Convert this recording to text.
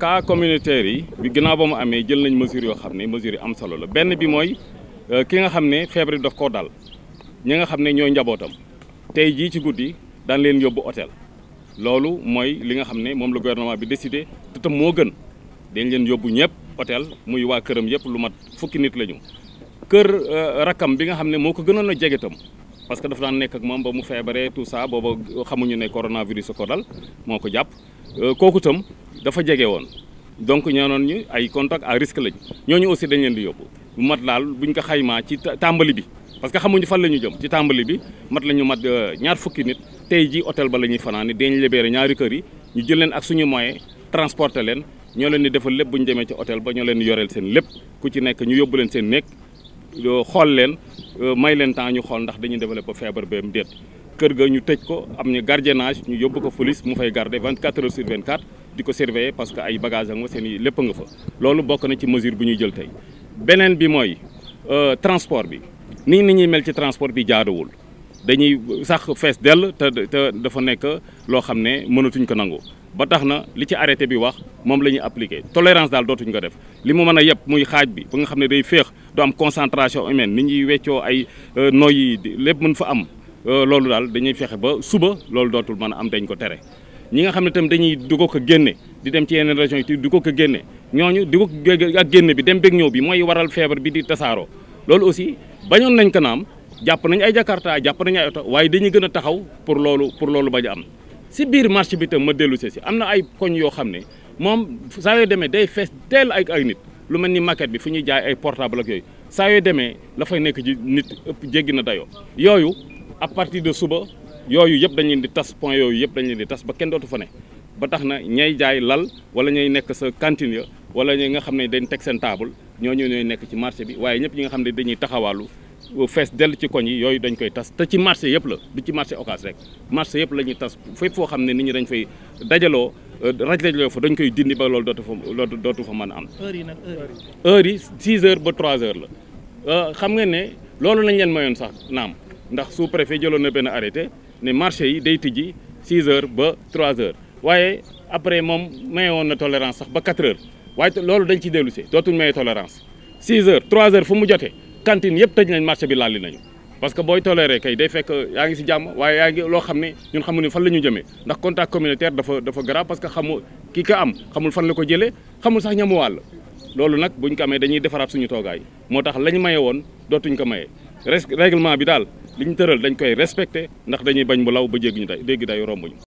cas communautaire yi bi ginnaaw ba mu amee jël nañ mesures yoo xam ne mesures yi am solo la benn bi mooy euh, ki nga xam ne feebar bi daf koo dal ñi nga xam ne ñoo njabootam tey jii ci guddi dañ leen yóbbu hôtel loolu mooy li nga xam ne moom la gouvernement bi décidé te tam moo gën dañ leen yóbbu ñëpp hôtel muy waa këram yëpp lu mat fukki nit la ñu kër euh, rakkam bi nga xam ne moo ko gënoon a jege itam parce que dafa daan nekk ak moom ba mu feebaree tout ça booba xamuñu ne coronavirus ko dal moo ko jàpp euh, kooku itam dafa jege woon donc ñoonoon ñu ay contact à risque lañ ñooñu aussi dañ leen di yóbbu bu mat laal buñ ko xaymaa ci tàmbali bi parce que xamuñu fan la ñu jëm ci tàmbali bi mat la ñu mat euh, ñaar fukki nit tey ji hôtel ba la ñuy fanaan ni dañ libéré ñaari kër yi ñu jël leen ak suñu moyen transporter leen ñoo leen di defal lépp bu ñu demee ci hôtel ba ñoo leen di yoreel seen lépp ku ci nekk ñu yóbbu leen seen nekk xool leen may leen temps ñu xool ndax dañuy développé feebar beem déet kër ga ñu tëj ko am ñu gardiennage ñu yóbbu ko police mu fay garder 24 heures sur 24 di ko surveiller parce que ay bagages nga seen i lépp nga fa loolu bokk na ci mesure bu ñuy jël tey beneen bi mooy euh, transport bi ni ni ñuy mel ci transport bi jaadowul dañuy sax fees dell te dafa nekk loo xam ne mënatuñ ko nangu ba tax na li ci arrêté bi wax moom la ñuy appliqué tolérance daal dootuñ ko def li mu mën a yëpp muy xaaj bi ba nga xam ne day féex du am concentration humaine ni ñuy weccoo ay euh, noy lépp mën fa am euh, loolu daal dañuy fexe ba suba loolu dootul mën a am dañ ko tere ñi nga xam ne tamit dañuy dugg ko génne di dem ci yeneen région yi dugg ko génne ñooñu dugg ak génne bi dem bég ñëw bi mooy waral feebar bi di tasaaroo loolu aussi bañoon nañ ko naam jàpp nañ ay jakarta jàpp nañ ay oto waaye dañuy gën a taxaw pour loolu loolu bañ am si biir marché bi tam ma dellu si si am na ay koñ yoo xam ne moom saa yoo demee day fees teel ak ay nit lu mel ni maquette bi fu ñuy jaay ay portable ak yooyu saa yoo demee la fay nekk ci nit ëpp jéggi na dayoo yooyu yooyu yëpp dañ leen di tas point yooyu yëpp dañ leen di tas ba kenn dootu fa ne ba tax na ñay jaay lal wala ñay nekk sa cantine ya wala ñi nga xam ne dañ teg seen table ñooñu ñooy nekk ci marché bi waaye ñëpp ñi nga xam ne dañuy taxawaalu euh, fees dell ci koñ yi yooyu dañ koy tas te ci marché yëpp la du ci marché Ocass rek marché yëpp lañuy ñuy tas fépp foo xam ne nit ñi dañ fay dajaloo euh, raj dajaloo fa dañ koy dindi ba loolu dootu fa loolu dootu fa mën a am. heure yi nag heure yi. six heures ba trois heures la euh, xam nga ne loolu lañ leen mayoon sax naam ndax sous préfet jëloon na benn arrêté. ne marché yi day tijji 6 heures ba 3 heures waaye après moom maye woon na tolérance sax ba 4 heures waaye loolu dañ ciy dellu see dootuñ maye tolérance 6 heures 3 heures fu mu jotee cantine yëpp tëj nañ marché bi laali nañu. parce que booy toléré kay day fekk yaa ngi si jàmm waaye loo xam ne ñun xamu ne fan la ñu jëmee ndax contact communautaire dafa dafa grave parce que xamu ki ko am xamul fan la ko jëlee xamul sax ñamu wàll loolu nag buñ ko amee dañuy defaraat suñu toogaay moo tax lañ maye woon dootuñ ko maye règlement bi daal. li ñu tëral dañ koy respecté ndax dañuy bañ mu law ba jéggi ñu day dégg day romb ñu